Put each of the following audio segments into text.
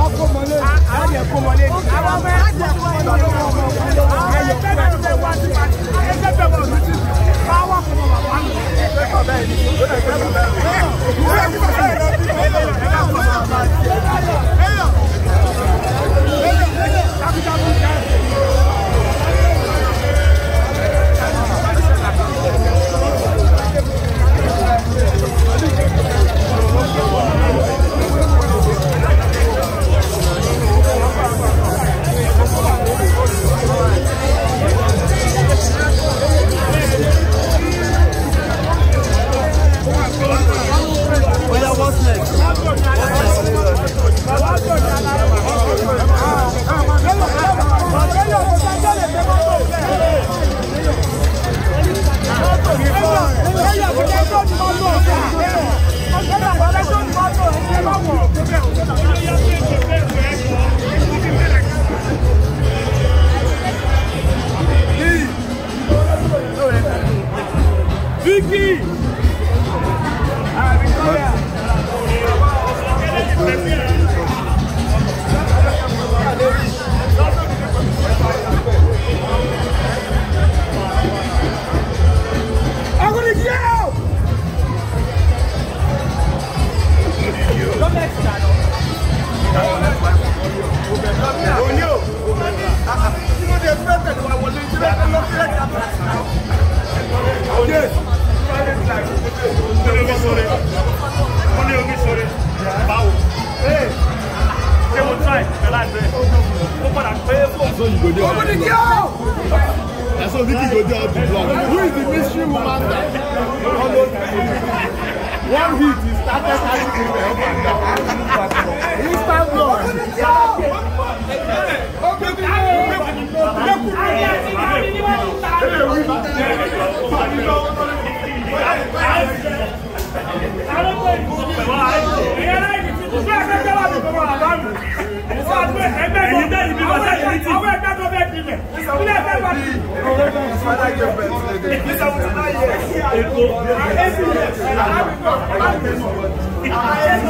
ọkọ̀ mọ́lé ni. Gracias. Let it go! That's so Vicky go do the block. Who is the mystery woman that One hit, he started hiding in the up and down. Instant blood. Okay, father gave birth. This seventy-nine years ago, and every year, and I have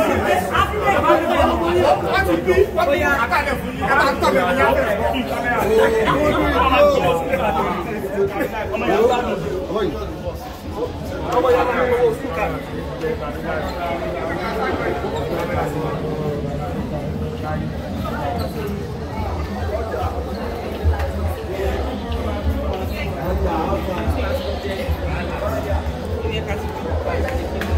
Thank you. ये कर सकते हो